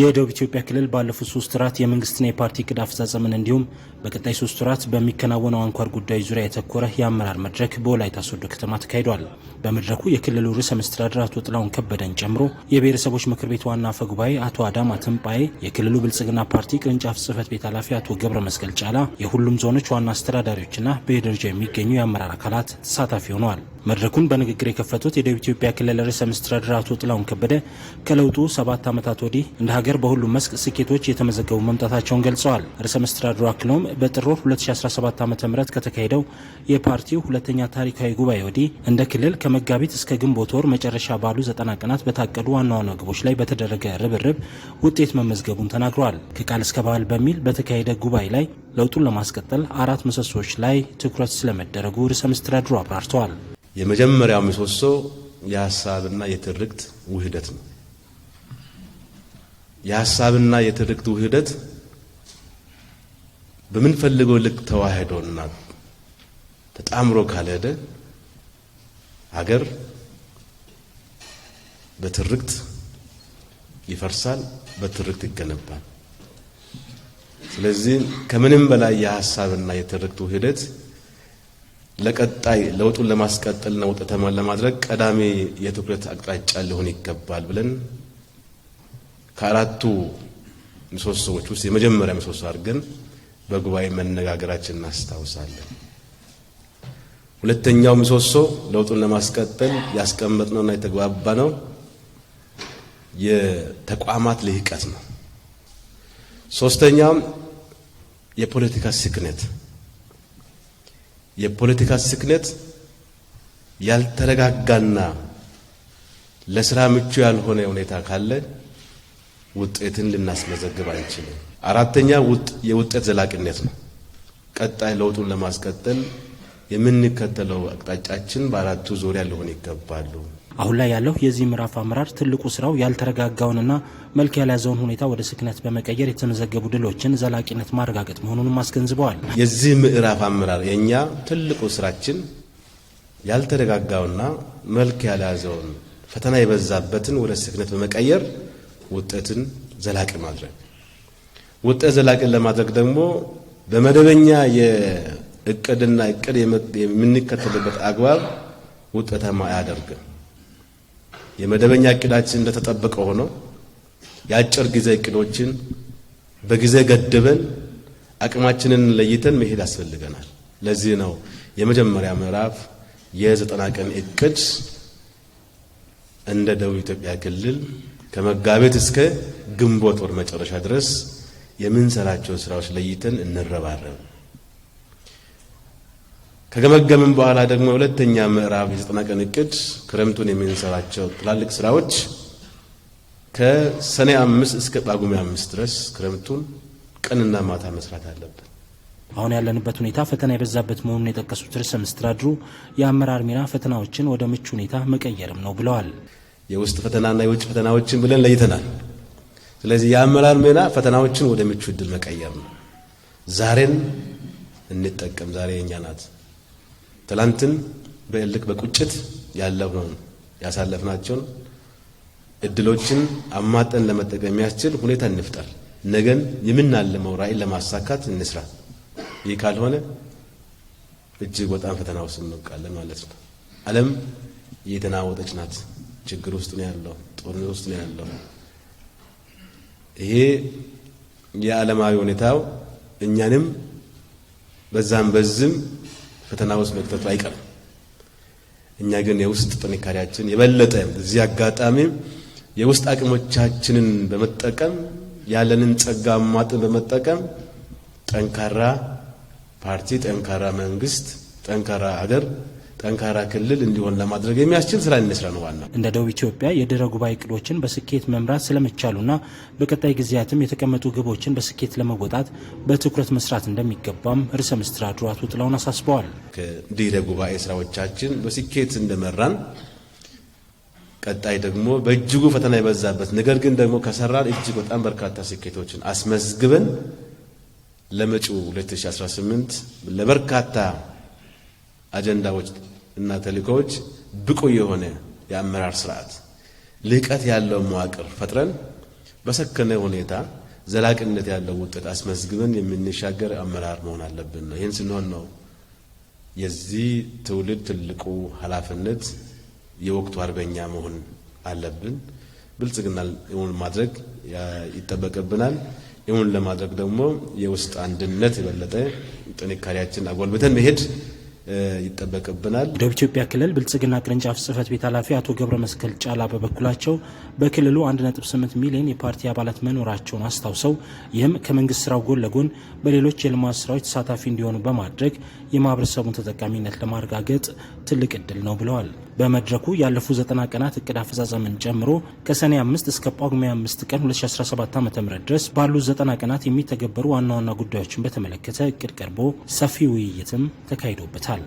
የደቡብ ኢትዮጵያ ክልል ባለፉት ሶስት ወራት የመንግስትና የፓርቲ እቅድ አፈጻጸምን እንዲሁም በቀጣይ ሶስት ወራት በሚከናወነው አንኳር ጉዳዮች ዙሪያ የተኮረ የአመራር መድረክ በወላይታ ሶዶ ከተማ ተካሂዷል። በመድረኩ የክልሉ ርዕሰ መስተዳድር አቶ ጥላሁን ከበደን ጨምሮ የብሔረሰቦች ምክር ቤት ዋና አፈ ጉባኤ አቶ አዳማ ትንጳኤ፣ የክልሉ ብልጽግና ፓርቲ ቅርንጫፍ ጽህፈት ቤት ኃላፊ አቶ ገብረ መስቀል ጫላ፣ የሁሉም ዞኖች ዋና አስተዳዳሪዎችና በየደረጃ የሚገኙ የአመራር አካላት ተሳታፊ ሆነዋል። መድረኩን በንግግር የከፈቱት የደቡብ ኢትዮጵያ ክልል ርዕሰ መስተዳድር አቶ ጥላሁን ከበደ ከለውጡ ሰባት ዓመታት ወዲህ እንደ ሀገር በሁሉም መስክ ስኬቶች የተመዘገቡ መምጣታቸውን ገልጸዋል። ርዕሰ መስተዳድሩ አክለውም በጥር 2017 ዓ ም ከተካሄደው የፓርቲው ሁለተኛ ታሪካዊ ጉባኤ ወዲህ እንደ ክልል ከመጋቢት እስከ ግንቦት ወር መጨረሻ ባሉ ዘጠና ቀናት በታቀዱ ዋና ዋና ግቦች ላይ በተደረገ ርብርብ ውጤት መመዝገቡን ተናግረዋል። ከቃል እስከ ባህል በሚል በተካሄደ ጉባኤ ላይ ለውጡን ለማስቀጠል አራት ምሰሶዎች ላይ ትኩረት ስለመደረጉ ርዕሰ መስተዳድሩ አብራርተዋል። የመጀመሪያው ምሰሶ የሀሳብና የትርክት ውህደት ነው። የሀሳብና የትርክት ውህደት በምንፈልገው ልክ ተዋህዶና ተጣምሮ ካልሄደ አገር በትርክት ይፈርሳል፣ በትርክት ይገነባል። ስለዚህ ከምንም በላይ የሀሳብና የትርክቱ ሂደት ለቀጣይ ለውጡን ለማስቀጠልና ውጤታማ ለማድረግ ቀዳሚ የትኩረት አቅጣጫ ሊሆን ይገባል ብለን ከአራቱ ምሰሶዎች ውስጥ የመጀመሪያ ምሰሶ አድርገን በጉባኤ መነጋገራችን እናስታውሳለን። ሁለተኛው ምሰሶ ለውጡን ለማስቀጠል ያስቀመጥነውና የተግባባነው የተቋማት ልህቀት ነው። ሶስተኛም የፖለቲካ ስክነት የፖለቲካ ስክነት ያልተረጋጋና ለስራ ምቹ ያልሆነ ሁኔታ ካለ ውጤትን ልናስመዘግብ አንችልም። አራተኛ የውጤት ዘላቂነት ነው። ቀጣይ ለውጡን ለማስቀጠል የምንከተለው አቅጣጫችን በአራቱ ዙሪያ ሊሆን ይገባሉ። አሁን ላይ ያለው የዚህ ምዕራፍ አመራር ትልቁ ስራው ያልተረጋጋውንና መልክ ያልያዘውን ሁኔታ ወደ ስክነት በመቀየር የተመዘገቡ ድሎችን ዘላቂነት ማረጋገጥ መሆኑንም አስገንዝበዋል። የዚህ ምዕራፍ አመራር የእኛ ትልቁ ስራችን ያልተረጋጋውና መልክ ያልያዘውን ፈተና የበዛበትን ወደ ስክነት በመቀየር ውጤትን ዘላቂ ማድረግ ውጤት ዘላቂን ለማድረግ ደግሞ በመደበኛ እቅድና እቅድ የምንከተልበት አግባብ ውጤታማ አያደርግም። የመደበኛ እቅዳችን እንደተጠበቀ ሆኖ የአጭር ጊዜ እቅዶችን በጊዜ ገድበን አቅማችንን ለይተን መሄድ ያስፈልገናል። ለዚህ ነው የመጀመሪያ ምዕራፍ የዘጠና ቀን እቅድ እንደ ደቡብ ኢትዮጵያ ክልል ከመጋቤት እስከ ግንቦት ወር መጨረሻ ድረስ የምንሰራቸውን ስራዎች ለይተን እንረባረብ። ከገመገምን በኋላ ደግሞ ሁለተኛ ምዕራብ የዘጠና ቀን እቅድ ክረምቱን የምንሰራቸው ትላልቅ ስራዎች ከሰኔ አምስት እስከ ጳጉሜ አምስት ድረስ ክረምቱን ቀንና ማታ መስራት አለብን። አሁን ያለንበት ሁኔታ ፈተና የበዛበት መሆኑን የጠቀሱት ርዕሰ መስተዳድሩ የአመራር ሚና ፈተናዎችን ወደ ምቹ ሁኔታ መቀየርም ነው ብለዋል። የውስጥ ፈተናና የውጭ ፈተናዎችን ብለን ለይተናል። ስለዚህ የአመራር ሚና ፈተናዎችን ወደ ምቹ እድል መቀየር ነው። ዛሬን እንጠቀም። ዛሬ የእኛ ናት። ትላንትን በእልክ በቁጭት ያለብነውን ያሳለፍናቸውን እድሎችን አማጠን ለመጠቀም የሚያስችል ሁኔታ እንፍጠር። ነገን የምናልመው ራዕይ ለማሳካት እንስራ። ይህ ካልሆነ እጅግ በጣም ፈተና ውስጥ እንወቃለን ማለት ነው። ዓለም የተናወጠች ናት። ችግር ውስጥ ነው ያለው፣ ጦርነት ውስጥ ነው ያለው። ይሄ የዓለማዊ ሁኔታው እኛንም በዛም በዝም ፈተና ውስጥ መክተቱ አይቀርም። እኛ ግን የውስጥ ጥንካሬያችን የበለጠ እዚህ አጋጣሚ የውስጥ አቅሞቻችንን በመጠቀም ያለንን ጸጋ ማጥን በመጠቀም ጠንካራ ፓርቲ፣ ጠንካራ መንግስት፣ ጠንካራ ሀገር ጠንካራ ክልል እንዲሆን ለማድረግ የሚያስችል ስራ እንስራ ነው ዋና እንደ ደቡብ ኢትዮጵያ የድህረ ጉባኤ እቅዶችን በስኬት መምራት ስለመቻሉና በቀጣይ ጊዜያትም የተቀመጡ ግቦችን በስኬት ለመወጣት በትኩረት መስራት እንደሚገባም ርዕሰ መስተዳድሩ አቶ ጥላሁን አሳስበዋል። ከድህረ ጉባኤ ስራዎቻችን በስኬት እንደመራን ቀጣይ ደግሞ በእጅጉ ፈተና የበዛበት ነገር ግን ደግሞ ከሰራን እጅግ በጣም በርካታ ስኬቶችን አስመዝግበን ለመጪው 2018 ለበርካታ አጀንዳዎች እና ተልእኮዎች ብቁ የሆነ የአመራር ስርዓት ልቀት ያለው መዋቅር ፈጥረን በሰከነ ሁኔታ ዘላቂነት ያለው ውጤት አስመዝግበን የምንሻገር አመራር መሆን አለብን ነው። ይህን ስንሆን ነው የዚህ ትውልድ ትልቁ ኃላፊነት የወቅቱ አርበኛ መሆን አለብን። ብልጽግና እውን ማድረግ ይጠበቅብናል። እውን ለማድረግ ደግሞ የውስጥ አንድነት የበለጠ ጥንካሬያችን አጎልብተን መሄድ ይጠበቅብናል። ደቡብ ኢትዮጵያ ክልል ብልጽግና ቅርንጫፍ ጽህፈት ቤት ኃላፊ አቶ ገብረ መስቀል ጫላ በበኩላቸው በክልሉ 1.8 ሚሊዮን የፓርቲ አባላት መኖራቸውን አስታውሰው ይህም ከመንግስት ስራው ጎን ለጎን በሌሎች የልማት ስራዎች ተሳታፊ እንዲሆኑ በማድረግ የማህበረሰቡን ተጠቃሚነት ለማረጋገጥ ትልቅ እድል ነው ብለዋል። በመድረኩ ያለፉ ዘጠና ቀናት እቅድ አፈጻጸምን ጨምሮ ከሰኔ 5 እስከ ጳጉሜ 5 ቀን 2017 ዓ ም ድረስ ባሉ ዘጠና ቀናት የሚተገበሩ ዋና ዋና ጉዳዮችን በተመለከተ እቅድ ቀርቦ ሰፊ ውይይትም ተካሂዶበታል።